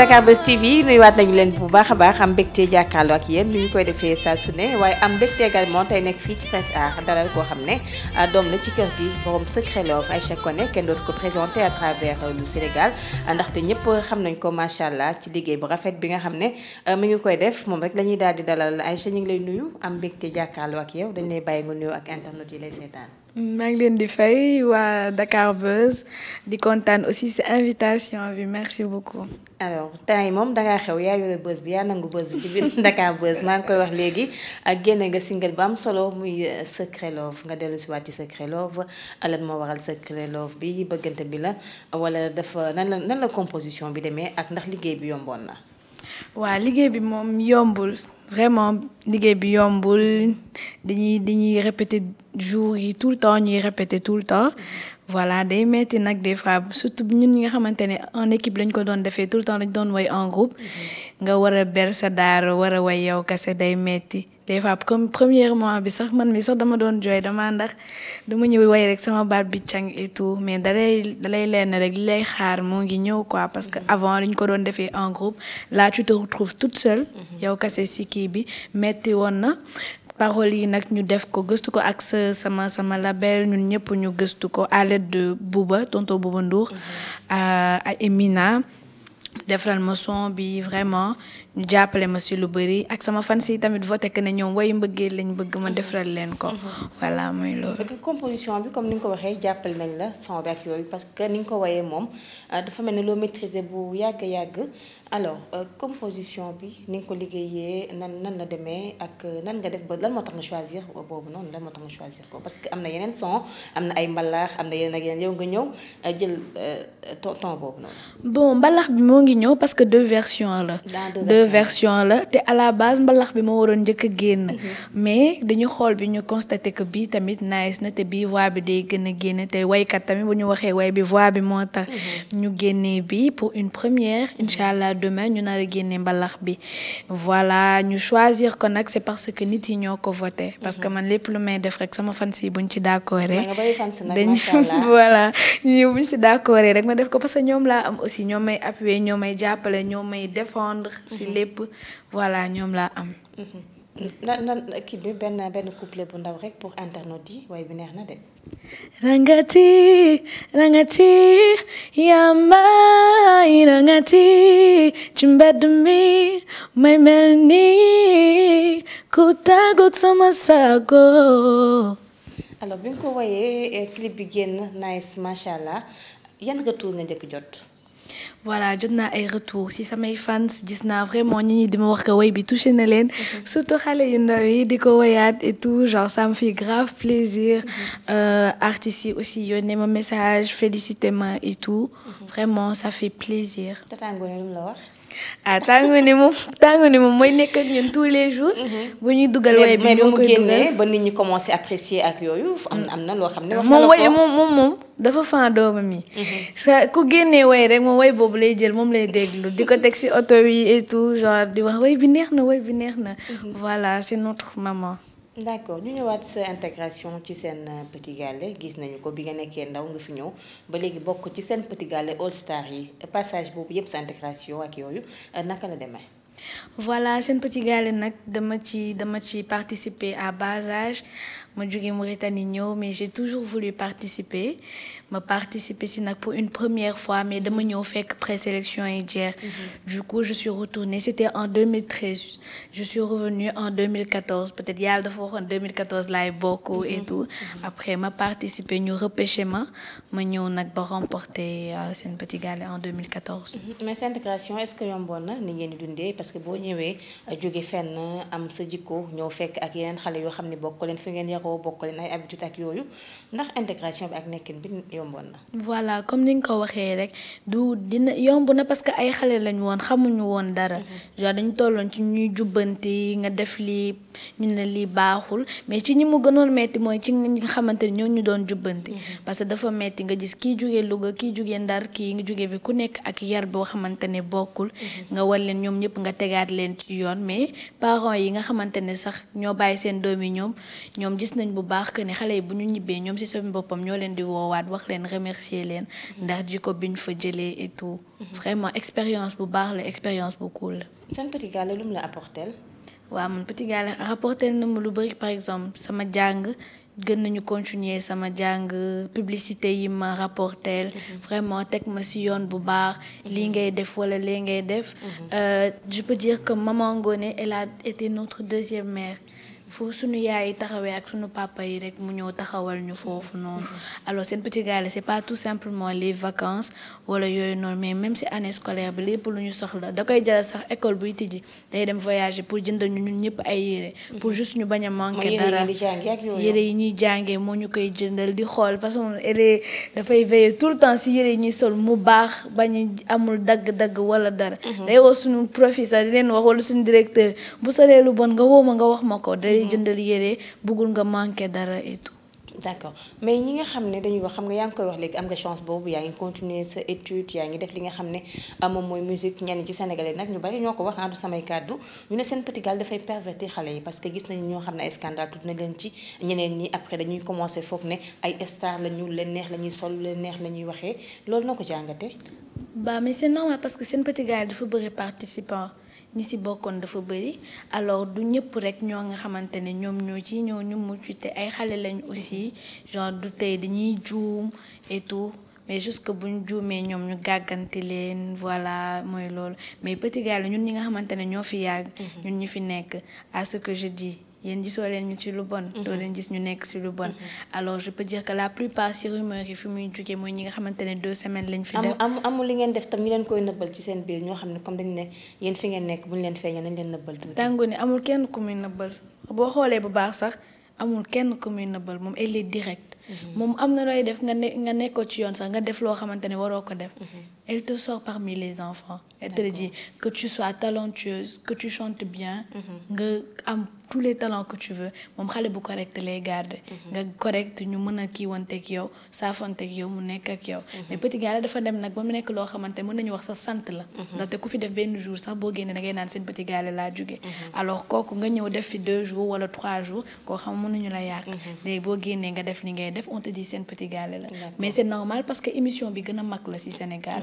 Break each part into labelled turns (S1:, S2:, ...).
S1: Dakar Buzz TV waat nañu leen bu baax a baax am mbégte jàkkaarloo ak yéen nu ñu koy defee saa su ne waaye am mbégte également tey nekk fii ci Prince Arts dalal koo xam ne ah, doom la ci kër gi borom secret love Aïcha Koné kenn dootu ko présenté à travers euh, le Sénégal ah, ndaxte ñëpp xam nañ ko macha allah ci liggéey bu rafet bi nga xam ne euh, mu ngi koy def moom rek la ñuy daal di dalal Aïcha ñu ngi lay nuyu am mbégte jàkkaarloo ak yow dañ lay bàyyi nga nuyu ak internet yi lay seetaan.
S2: maa ngi leen di fay waa Dakar di kontaan aussi ci invitation bi merci beaucoup.
S1: alors temps yi moom dangaa xew yaa yore buzz bi yaa nangu buzz bi ci biir Dakar Buzz maa ngi koy wax léegi ak génne nga single bu am solo muy euh, Secret Love nga dellu si ci Secret Love lan moo waral Secret Love bi bëggante bi la wala dafa nan la nan la composition bi demee ak ndax liggéey bi yomboon na.
S2: waa liggéey bi moom yombul vraiment liggéey bi yombul dañuy dañuy répéter jour yi tout le temps ñuy répéter tout le temps voilà day metti nag des fois surtout ñu ñi nga xamante ne en équipe lañ ko doon defee tout le temps lañ doon way en groupe mhm. nga war a ber sa daara war a way yow kase day metti des fois comme premièrement bi sax man mi sax dama doon joy dama ndax dama ñëw way rek sama baat bi càng et mais dalay dalay leen rek li lay xaar moo ngi ñëw quoi parce que mhm. avant ñu ko doon defee en groupe là tu te retrouves toute mhm. yow kase si kii bi metti woon na parole yi nag ñu def ko gëstu ko ak sa sama sama label ñun ñëpp ñu gëstu ko à l'aide de Bouba tonton Bouba Ndour mhm. euh, à Emina defaral ma son bi vraiment ñu jàppale ma si lu bëri ak sama fan yi tamit voté que ne ñoom way mbëggee lañ bëgg ma mhm. defaral leen ko. Mhm. voilà mooy loolu. composition bi
S1: comme ni nga ko waxee jàppale nañ la son bi ak yooyu parce que ni nga ko wayee moom euh, dafa mel ne loo maîtriser bu yàgg yàgg. alors euh, composition bi ni nga ko liggéeyee nan nan la demee ak euh, nan nga def ba lan moo tax nga choisir euh, boobu noonu lan moo tax nga choisir ko parce que am na yeneen son am na ay mbalax am na yeneen ak yeneen yow nga ñëw euh, jël ton boobu noonu.
S2: bon mbalax bi moo ngi ñëw parce que deux versions la. deux versions la te à la base mbalax bi moo waroon njëkk a génn. Mhm. mais dañu xool bi ñu constaté que bii tamit nice na te bii voix bi dee gën a génn te waykat tamit bu ñu waxee way bi voix bi moo tax. Mhm. ñu génnee bii pour une première incha allah demain ñu nar génnee mbalax bi voilà ñu choisir ko nag c'est parce que nit yi ñoo ko voté. parce que mhm. man lépp lu may def rek sama fans bu buñ ci d'accord dañ voilà ñu buñ si d'accord rek ma def ko parce que ñoom laa am aussi ñoo may appuyer ñoo may jàppale ñoo may défendre si mhm. lépp voilà ñoom laa am mhm.
S1: nan nan kii bi benn benn couplet bu ndaw rek pour internautes yi waaye bi neex na de
S2: Rangati, Rangati, Yamai, Rangati, Chimbadumi, Maimelni, Kutagot Samasago.
S1: alors bi nga ko woyee eh, clip bi génn nice macha allah yan nga tuur nga njëkk jot.
S2: voilà jot naa ay retour si samay fans gis naa vraiment ñi ñi di ma wax que woy bi touché na leen mhm. surtout xale yu ndaw yi di ko woyaat et tout genre ça me fait grave plaisir mhm. euh, artistes yi aussi yónnee ma message félicité ma et tout mhm. vraiment ça fait plaisir. Tata Ngoné wax. ah tàngu ne moom tàngu ni moom mooy nekk ak ñun tous les jours. Mhm. bu ñuy dugal waaye bi ñoo koy dugal mais mu génnee ba
S1: nit ñi commencé apprécier ak yooyu am na am na loo xam ne. wax moom waaye moom
S2: moom moom dafa fan doomam yi. Mhm. sa ku génnee way rek moom way boobu lay jël moom lay déglu di ko teg si oto yi et tout genre di wax way bi neex na way bi neex na. Mhm. voilà c'est notre maman.
S1: d'accord ñu ñëwaat sa intégration ci seen euh, Petit Galle gis nañu ko bi nga nekkee ndaw nga fi ñëw ba léegi bokk ci seen Petit Galle All Star yi passage boobu yëpp sa intégration ak yooyu euh, naka la demee.
S2: voilà seen Petit Galle nag dama ci dama ci participer à bas âge ma jóge Mauritanie ñëw mais j'ai toujours voulu participer. ma participer si nag pour une première fois mais dama ñëw fekk présélection yi jeex. Mhm. du coup je suis retournée c'était en 2013 je suis revenue en 2014 peut-être yàlla dafa waxoon 2014 laay bokk. Mhm. et mhm. après ma participer ñu repêché ma ma ñëw nag ba remporter euh, seen petit gala en 2014.
S1: mais sa intégration est-ce que yomboon na ni ngeen di dundee parce que boo ñëwee euh, jóge fenn am sa jikko ñëw fekk ak yenn xale yoo xam ne bokk leen fi ngeen yaroo bokk leen ay habitudes ak yooyu ndax intégration bi ak nekkin bi. yomboon na.
S2: voilà comme ni nga ko waxee rek du dina yomb na parce que ay xale lañ woon xamuñu woon dara. Mhm. genre dañu tolloon ci ñuy jubbanti nga def lii ñu ne lii baaxul mais ci ñi mu gënoon metti mooy ci ñi nga xamante ni ñoo ñu doon jubbanti. Mhm. parce que dafa metti nga gis kii jugee Louga kii jugee Ndar kii nga jugee fi ku nekk ak yar boo xamante ne bokkul. Mhm. nga war leen ñoom ñëpp nga tegaat leen ci yoon mais parents yi nga ne sax ñoo bàyyi seen doom yi ñoom ñoom gis nañ bu baax que ne xale yi bu ñu ñibbee ñoom ci seen boppam ñoo leen di woowaat wax leen remercier leen mm-hmm. ndax jikko biñ fa jëlee et tout mm-hmm. vraiment expérience bu baax la expérience bu cool la. seen petit gàlle lu mu la apporté. waaw man petit gàlle rapporté na ma lu bari par exemple sama njàng gën nañu continuer sama jàng publicité yi ma rapporté mm-hmm. vraiment teg ma si yoon bu baax li ngay def wala lii ngay def euh, je peux dire que maman Ngoné elle a été notre deuxième mère. fu suñu yaay yi taxawee ak suñu papa yi rek mu ñëw taxawal ñu foofu noonu alors seen petit gallé c'est pas tout simplement les vacances wala yooyu noonu mais même si année scolaire bi lépp lu ñu soxla da koy jël sax école buy tijji day dem voyager pour jëndal ñu ñun ñëpp ay yére pour juste ñu bañ a manqué dara yére yi ñuy jàngee moo ñu koy jëndal di xool parce que moom élève dafay veiller tout le temps si yére yi ñuy sol mu baax bañu amul dagg-dagg wala dara mhm. day woo suñu lay jëndal yére bëggul nga manqué dara et tout. d'accord ñi nga
S1: xam ne dañuy wax xam nga yaa ngi koy wax léegi am nga chance boobu yaa ngi continuer sa étude yaa ngi def li nga xam ne ah, moom mooy musique ñenn ci sénégalais nag ñu bari ñoo ko wax ah, du samay kàddu ñu ne Sen Petit dafay pervertir xale yi parce que gis nañu ñoo xam ne ay scandale tudd na leen ci ñeneen ñi après dañuy commencer foog ne ay star la ñu leen neex la sol leen neex la ñuy waxee loolu noo ko jàngatee.
S2: ba mais c'est normal parce que Sen Petit Gallé dafa bëri participant. ñi ci bokkoon dafa bëri alors du ñëpp rek ñoo nga xamante ne ñoom ñoo ci ñëw ñu mucc te ay xale lañ aussi genre du tey dañuy juum et tout mais jusque bu ñu juumee ñoom ñu gàgganti leen voilà mooy loolu mais petit ñun ñi nga xamante ne ñoo fi yàgg. Mm-hmm. ñun ñu fi nekk à ce que je dis. yéen gisoo leen ñu ci lu bon. Mhm. doo leen gis ñu nekk si lu bon. Mhm. alors je peux dire que la plupart ci rumeurs yi fi muy jugee mooy ñi nga xamante ne deux semaines lañ fi def. am
S1: amul li ngeen def tam ñu leen koy nëbbal ci seen biir ñoo xam ne comme dañu nekk yéen fi ngeen nekk bu ñu leen feeñee nañ leen nëbbal tuuti.
S2: tàngoo ni amul kenn ku muy nëbbal boo xoolee bu baax sax amul kenn ku muy nëbbal moom elle est direct mhm. moom am na looy def nga ne nga nekkoo ci yoon sax nga def loo xamante ne waroo ko def. elle te sort parmi les enfants. Elle te le dit que tu sois talentueuse que tu chantes bien. Mhm. nga am tous les talents que tu veux moom xale bu correct lay garder. Mhm. nga correct ñu mën a kii wanteeg yow saafanteeg yow mu nekk ak yow. Mhm. mais petit gars dafa dem nag ba mu nekk loo xamante mën nañu wax sa sant la. ndaxte ku fi def benn jour sax boo génnee da ngay naan seen petit gars laa jugee. alors kooku nga ñëw def fi deux jours wala trois jours koo xam mën nañu la yàq. léegi boo nga def li ngay def on te dit seen petit gars que émission bi gën a mag la ci Sénégal.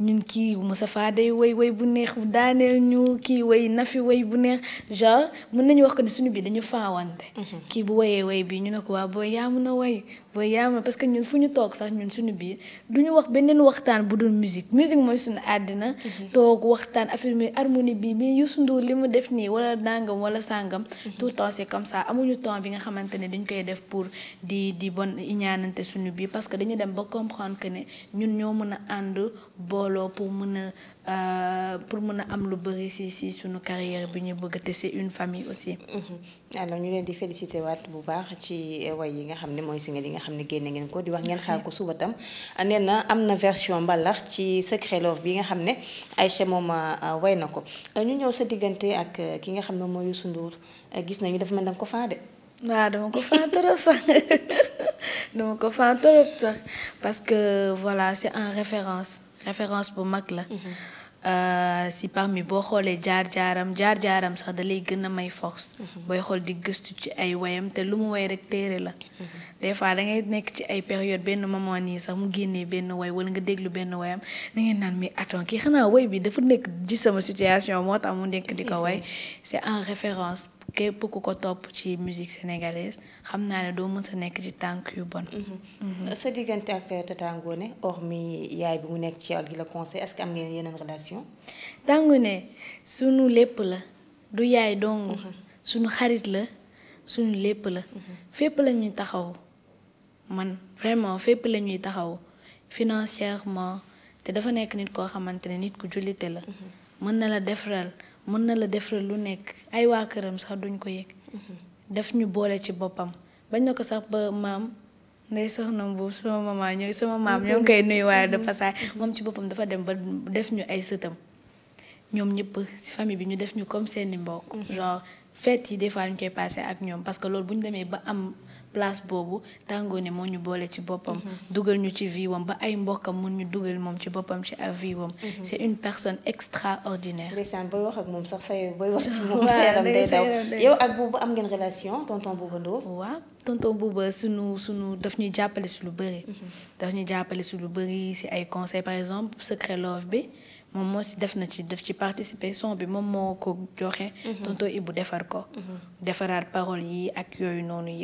S2: ñun kii Moustapha day woy woy bu neex bu daaneel ñu kii woy Nafi woy bu neex genre mën nañu wax ko ne suñu bii dañu faawante. Mm-hmm. kii bu wayee way bii ñu ne ko waa booy na mën woy booy yaa ma parce que ñun fu ñu toog sax ñun suñu biir du ñu wax beneen waxtaan bu dul musique musique mooy suñu àddina. Mhm. toog waxtaan affirmer harmonie bii mais Youssou Ndour li mu def nii wala dàngam wala sàngam. Mhm. tout le temps c'est comme ça amuñu temps bi nga xamante ne dañ koy def pour di di bon iñaanante suñu biir parce que dañu dem ba comprendre que ne ñun ñoo mën a ànd booloo pour mën a. Euh, pour mën a am lu bëri si si suñu carrière bi ñu bëgg te si une famille
S1: aussi. Mm-hmm. alors ñu leen di félicité waat bu baax ci euh, way yi nga xam ne mooy single yi nga xam ne génne ngeen ko di wax ngeen ko suba tam nee na am na version mbalax ci Secret Love nga xam ne Aïcha moom euh, way na ko ñu ñëw sa diggante ak ki nga xam ne mooy Youssou Ndour
S2: gis nañu dafa mel da ko faa de. waaw ah, dama ko fan trop sax dama ko fan trop sax parce que voilà c'est en référence. référence bu mag la mhm. euh, si par mi boo xoolee jaar jaaram jaar jaaram sax da lay gën a may force mhm. booy xool di gëstu ci ay woyam te lu mu woy rek téere la mhm. des fois da ngay nekk ci ay période benn moment nii sax mu génnee benn woy wala nga déglu benn woyam da ngay naan mais attends kii xanaa woy bi dafa nekk ji sama situation moo tax mu nekk di ko woy c'est en référence képp ku ko topp ci musique sénégalaise xam naa ne doo mës a nekk ci tànk yu bon. Mhm. Mhm.
S1: sa diggante ak Tata Ngoné mi yaay bi mu nekk ci ak la conseil est-ce que am ngeen
S2: yeneen relation. Tangoné sunu lépp la du yaay dong. Mhm. sunu xarit la sunu lépp la. fépp la ñuy taxaw man vraiment fépp lañuy taxaw financièrement te dafa nekk nit koo xamante ne nit ku jullite la. mën na la defaral. mën na la def lu nekk ay waa këram sax duñ ko yëg. def ñu boole ci boppam bañ na ko sax ba maam nday soxna boobu sama maman ñooy sama maam ñoo ngi koy nuyu waaye de passage mm-hmm. moom ci boppam dafa dem ba def ñu ay sëtam ñoom ñëpp ci famille bi ñu def ñu comme seeni mbokk mm-hmm. genre fête yi des fois koy passé ak ñoom parce que loolu bu ñu demee ba am place boobu tàngoone moo ñu boole ci boppam dugal ñu ci vie wam ba ay mbokkam mun ñu dugal moom ci boppam ci ab vie wam mhm. c'est une personne extraordinaire ndeysaan booy wax ak moom sax say booy yow
S1: ak boobu am ngeen relation tonton Bouba Ndour waaw
S2: tonton Bouba sunu sunu daf ñuy jàppale si lu bëri mhm. daf ñuy jàppale si lu bëri si ay conseils par exemple secret love bi moom moo si def na ci def ci participation bi moom moo ko joxe mhm. tonton Ibou defar ko defaraat parole yi ak yooyu noonu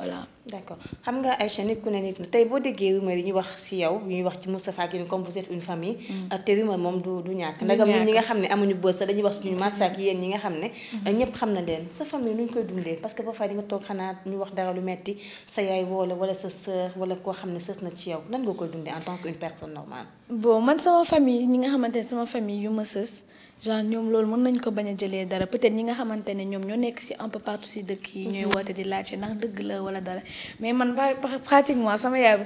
S2: voilà. d'accord xam nga Aïcha
S1: nit ku ne nit na tey boo déggee rumeur yi ñu wax si yow ñuy wax ci Moustapha ak yéen comme vous êtes une famille. Mm. te rumeur moom du ñàkk. ndagam ñi nga xam ne amuñu bës sax dañuy wax suñu massa ak yéen ñi nga xam ne. Mm-hmm. Euh, ñëpp xam na leen sa famille nu koy dundee parce que parfois di nga toog xanaa ñu wax dara lu metti sa yaay woo la sa sœur wala koo xam ne sës na ci yow nan nga koy dundee en tant qu'une personne normale.
S2: bon man genre ñoom loolu mën nañ ko bañ a jëlee dara peut ñi nga xamante ne ñoom ñoo nekk ci un peu partout ci dëkk yi ñooy mhm. woote di laajte ndax dëgg la walla dara mais man pratiquement sama yaay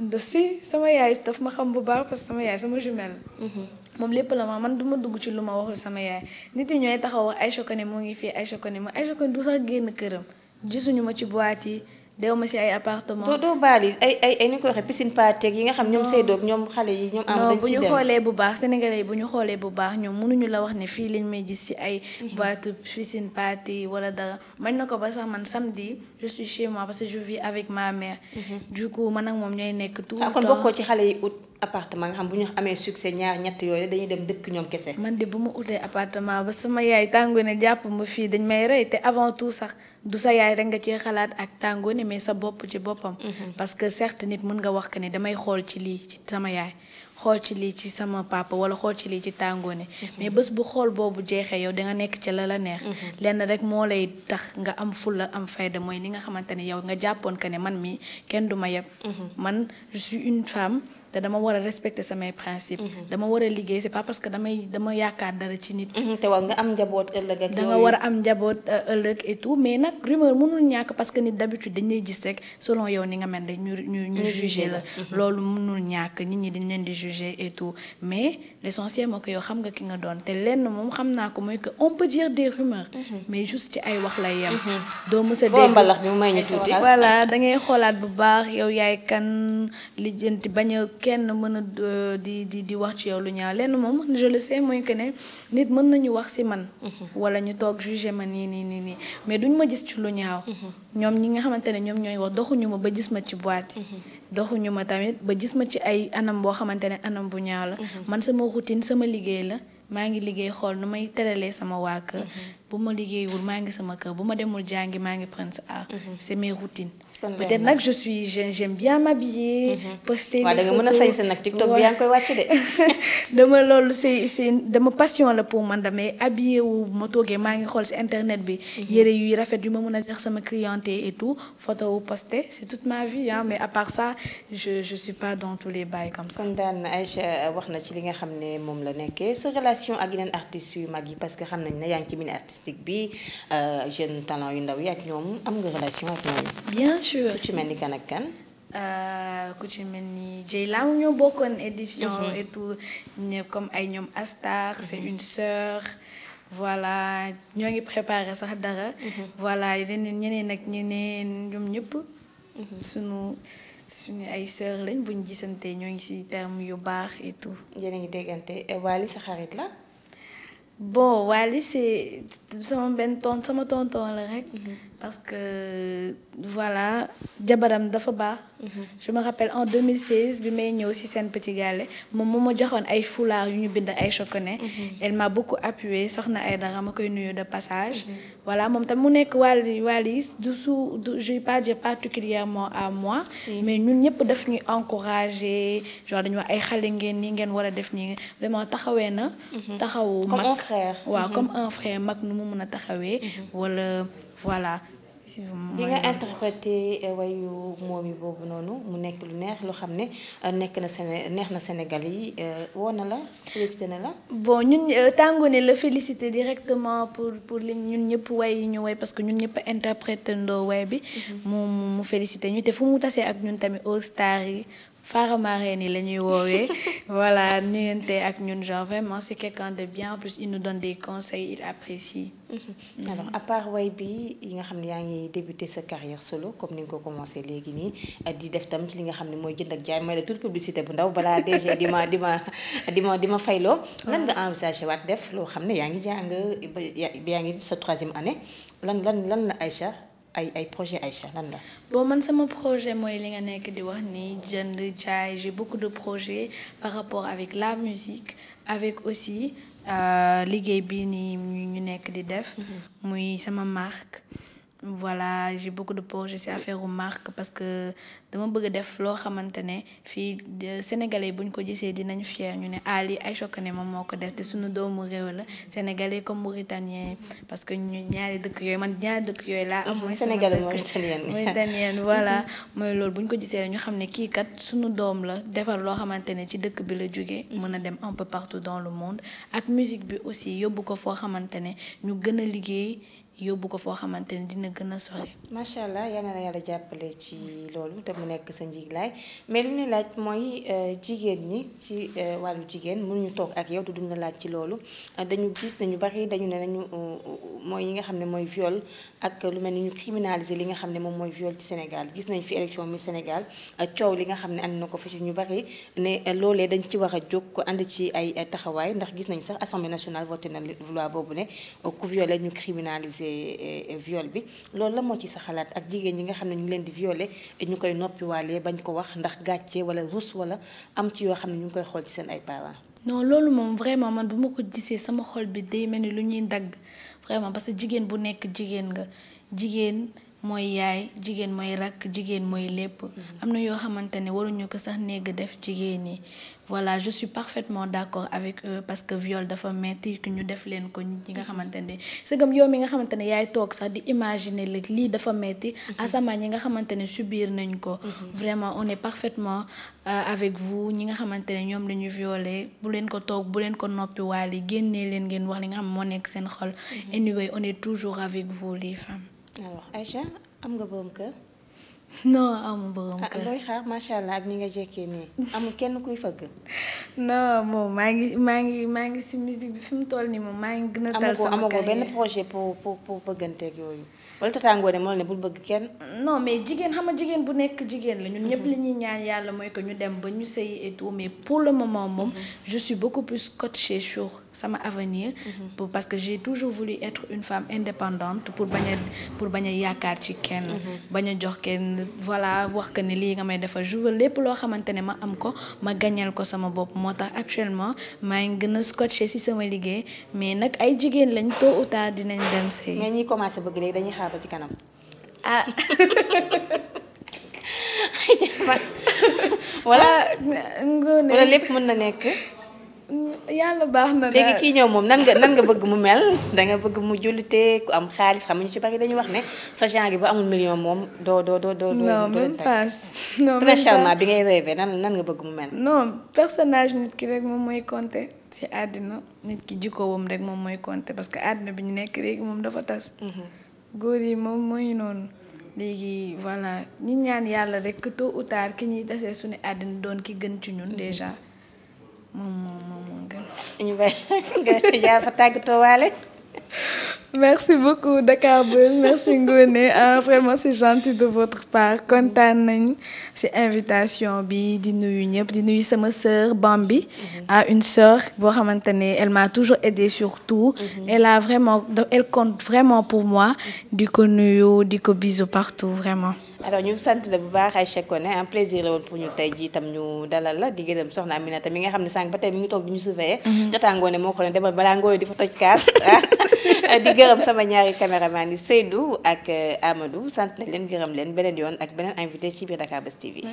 S2: mhm, sama yaay daf ma xam bu baax parce sama yaay sama jumelle. Mhm. moom lépp la ma man du dugg ci lu ma waxul sama yaay nit ñooy taxaw wax Aïcha Koné moo ngi fii Aïcha Koné ma Aïcha Koné du sax génn këram gisuñu ma ci boîte yi. dew ma si ay appartement doo doo
S1: baali ay ay ni ñu ko waxee piscine parteeg yi nga xam ñoom Seydou
S2: ñoom xale yi ñoom. am dañ ci dem bu ñu xoolee bu baax sénégalais yi bu xoolee bu baax ñoom mënuñu la wax ne fii lañ may gis si ay. Mhm. boîte piscine party wala dara mañ na ko ba sax man samedi je suis chez moi parce que je vis avec ma mère. Mhm. du coup moom ñooy nekk tout le ah, temps kon ci xale
S1: yi ut. appartement nga xam bu ñu amee succès ñaar ñett yooyu dañuy dem dëkk ñoom kese. man
S2: de bu ma utee appartement ba sama yaay tàngoone jàpp ma fii dañ may rey te avant tout sax du sa yaay rek nga ci xalaat ak tàngoone mais sa bopp ci boppam. Mhm. parce que certes nit mun nga wax que ne damay xool ci lii ci sama yaay. xool ci lii ci sama papa wala xool ci lii ci tàngoone mhm. mais bés bu xool boobu jeexee yow danga nekk ci la la neex mhm. lenn rek moo lay tax nga am fulla am fayda mooy ni nga xamante ne yow nga jàppoon que ne man mii kenn du ma yeb man je suis une femme te dama war a respecter samay principe mhm. dama war a liggéey c'est pas parce que damay dama yaakaar dara ci nit. Mhm, te war nga am njaboot ëllëg ak euh, mais nag rumeur mënul parce que nit d'habitude dañ lay gis rek ni ñi dañ leen di jugé et tout mais l'essentiel moo ko xam nga ki nga doon te lenn moom xam naa ko mooy que on peut dire des rumeurs. Mhm. mais juste ci ay wax a dégg xoolaat bu baax yow yaay kan lijjanti bañ kenn mën a euh, di di di wax ci yow lu ñaaw lenn moom je le mooy que ne nit mën nañu wax si man. Mhm. wala ñu toog jugé ma nii nii nii nii mais duñ ma gis ci lu ñaaw. Mhm. ñoom ñi nga xamante ne ñoom ñooy wax doxuñu ma ba gis ma ci boîte yi. Mhm. doxuñu ma tamit ba gis ma ci ay anam boo xamante ne anam bu ñaaw la. man sama routine sama liggéey la. maa ngi liggéey xool nu may terele sama waa kër. bu ma liggéeyiwul maa ngi sama kër bu ma demul jàngi maa ngi prendre sa c'est mes peut-être nag je suis j'aime bien m'habiller. Mhm. poster waaw da nga mën a sañse nag TikTok bi yaa ngi koy wàcc de. dama loolu c'est dama passion la pour man damay habillé wu ma toogee maa ngi xool si internet bi. Mhm. yëre yuy rafet yu ma mën a jox sama clientèle et tout photo wu poster c'est toute ma vie ah mais à part ça je je suis pas dans tous les bails comme ça.
S1: Euh, wax na ci li nga xam ne moom la nekkee sa relation ak yeneen artistes yu mag yi parce que xam nañ ne yaa ngi ci milieu euh, jeune talent yu ndaw yi ak ñoom
S2: tu veux. ku ci mel ni kan ak kan. Euh, ku ci mel ni Dieyla ñoo bokkoon édition. Mhm. et tout ñëpp comme ay ñoom Astar c'est mhm. une sœur. voilà ñoo ngi préparé sax dara. Mhm. voilà leneen ñeneen ak ñeneen ñoom ñëpp. sunu suñu ay sœur lañ buñ gisante ñoo ngi ci terme yu baax et tout. ngi déggante Wally sa xarit la. bon Wally sama benn tonton la rek. parce que voilà jabaram dafa baax. Mhm. je ma rappelle en 2016 bi may ñëw ci seen petit gàllé moom moo ma joxoon ay foulard yu ñu bind ay choconé. Mhm. elle m'a beaucoup appuyé soxna ay dara ma koy nuyu de passage. Mhm. voilà moom tam mu nekk wàllu wàllu du su du je vais pas dire particulièrement à moi. mais ñun ñëpp def ñuy encourager genre dañu wax ay xale ngeen nii ngeen wala def nii vraiment taxawee na. taxawu mag comme un frère. comme un frère mag nu mu mun a taxawee. wala voilà. effectivement li nga
S1: interprété eh, wayu moom yi boobu noonu mu nekk lu neex loo xam ne euh, nekk na sene neex na Sénégal yi euh, woo na la félicité na la.
S2: bon ñun euh, Tangone la félicité directement pour pour li ñun ñëpp way yi ñu way parce que ñun ñëpp interprété ndoo way bi. Mm-hmm. mu mu félicité ñu te fu mu tasee ak ñun tamit All Star yi. Fara ni la ñuy woowee voilà nuyente ak ñun genre vraiment c'est quelqu'un de bien en plus il nous donne des conseil il apprécie.
S1: Mhm. alors à part way bi yi nga xam ne yaa ngi débuté sa carrière solo comme ni nga ko commencé léegi nii di def tam ci li nga xam ne mooy jënd ak jaay mooy la toute publicité bu ndaw balaa DG di ma di ma di ma di ma fayloo. lan nga envisagé waat def loo xam ne yaa ngi jàng yaa ngi sa troisième année lan lan lan la Aïcha. ay ay projet Aïcha lan la.
S2: bon man sama projet mooy li nga nekk di wax ni jënd jaay j'ai beaucoup de projet par rapport avec la musique avec aussi euh, liggéey bii nii ñu nekk di def. Mm-hmm. muy sama marque. voilà j'ai beaucoup de projets ci affaire u marque parce que dama bëgg def loo xamante ne fii sénégalais buñ ko jisee dinañ fier ñu ne Ali ah, ay Koné moom moo ko def te suñu doomu réew la sénégalais comme mauritanien parce que ñu ñaari dëkk yooyu man ñaari dëkk yooyu laa am mooy sénégalais mauritanienne mauritanienne voilà mooy loolu buñ ko gisee ñu xam ne kii kat suñu doom la defar loo xamante ne ci dëkk bi la jógee mën a dem un peu partout dans le monde ak musique bi aussi yóbbu ko foo xamante ne ñu gën a liggéey yóbbu ko foo xamante ne dina gën a sori.
S1: macha allah yal na yàlla jàppale ci loolu te mu nekk sa njiglaay mais lu ñu laaj mooy euh, jigéen ñi ci euh, wàllu jigéen mënuñu toog ak yow te duñ laaj ci loolu dañu gis nañu bari dañu ne nañu euh, mooy yi nga xam ne mooy viol ak lu mel ni ñu criminaliser li nga xam ne moom mooy viol ci Sénégal gis nañ fi élection mi Sénégal coow li nga xam ne ànd na ko fi ci ñu bari ne loolee dañ ci wax a jóg ko ànd ci ay taxawaay ndax gis nañu sax assemblée nationale voté na loi boobu ne ku violé Euh, euh, viol bi loolu la moo ci sa xalaat ak jigéen ñi nga xam ne ñu ngi leen di violé ñu koy noppiwaalee bañ ko wax ndax gàcce wala rus wala am ci yoo xam ne ñu ngi koy xool ci seen ay parents.
S2: non loolu moom vraiment man bu ma ko gisee sama xol bi day mel ni lu ñuy dagg vraiment parce jigéen bu nekk jigéen nga jigéen. mooy yaay jigéen mooy rakk jigéen mooy lépp mm-hmm. am na yoo xamante ne waruñu ko sax néeg def jigéen ñi voilà je suis parfaitement d'accord avec eux parce que viole dafa metti ki ñu def leen ko ñi nga mm-hmm. xamante ne sëgam yow mi nga xamante ne yaay toog sax di imaginer léeg lii dafa metti mm-hmm. asamaan ñi nga xamante ne subir nañ ko vraiment on est parfaitement euh, avec vous ñi nga xamante ne ñoom lañu violé bu leen ko toog bu leen ko noppiwaal yi génnee leen ngeen wax li nga xam moo nekk seen xol anyway on est toujours avec vous les femmes
S1: ay Aïcha am nga borom kër. non amul borom ah, kër looy
S2: xaar macha allah ak ni nga jekkee nii amul kenn kuy fëgg. non moom maa ngi maa ngi maa ngi si musique bi fi mu toll nii moom maa ngi gën a. tal sama carrière amagoo benn projet
S1: pour pour pour bëgganteeg yooyu. wala tataangoo ne moo ne bul bëgg kenn.
S2: non mais jigéen xam nga jigéen bu nekk jigéen la ñun ñëpp mhm. li ñuy ñaan yàlla mooy que ñu dem ba ñu sey et mais pour le moment moom mhm. je suis beaucoup plus coachée sur. sama avenir. Mhm. pour parce que j'ai toujours voulu être une femme indépendante pour bañ a pour bañ a yaakaar ci kenn. Mhm. bañ a jox kenn voilà wax ko ne lii nga may defar jouer lépp loo xamante ne ma am ko ma gañal ko sama bopp moo tax actuellement maa gën a scotché si sama liggéey mais nag ay jigéen lañ tôt ou tard dinañ dem sëy. mais ñi commencé bëgg léegi dañuy xaar ci kanam. ah. ah. lépp mën na nekk. yàlla baax na léegi kii ñëw moom nan nga nan nga
S1: bëgg mu mel da nga bëgg mu jullite ku am xaalis xam ñu ci bari dañuy wax ne sa genre bu amul million moom doo doo doo doo. non même pas non même bi ngay rêvé nan nan nga bëgg mu mel.
S2: non personnage nit ki rek moom mooy compter ci àddina nit ki jikkoowam rek moom mooy compter parce que àddina bi ñu nekk léegi moom dafa tas. Mhm. góor yi moom mooy noonu. léegi voilà ñu ñaan yàlla rek tôt ou tard ki ñuy tasee suñu àddina doon ki gën ci ñun mhm. déjà. moom moom merci beaucoup Dakar Buzz merci Ngoné ah, vraiment c'est gentil de votre part kontaan nañ ci invitation bi di nuyu ñëpp di nuyu sama sœur Bambi mhm. à une sœur boo xamante ne elle m'a toujours aidée surtout mhm. elle a vraiment elle compte vraiment pour moi mhm. di ko nuyu di ko bisou partout vraiment
S1: alors ñu sant la bu baax Aïcha Koné un plaisir la woon pour ñu tey ji ñu dalal la di gërëm soxna Aminata mi nga xam ne sànq ba tey mi ngi toog di ñu surveiller mhm. jotaangoo ne moo ko ne demal balaa ngooyu di fa toj kaas
S2: di gërëm sama
S1: ñaari caméraman yi Seydou ak euh, Amadou sant nañ leen gërëm leen beneen yoon ak beneen invité ci biir Dakarbuzz TV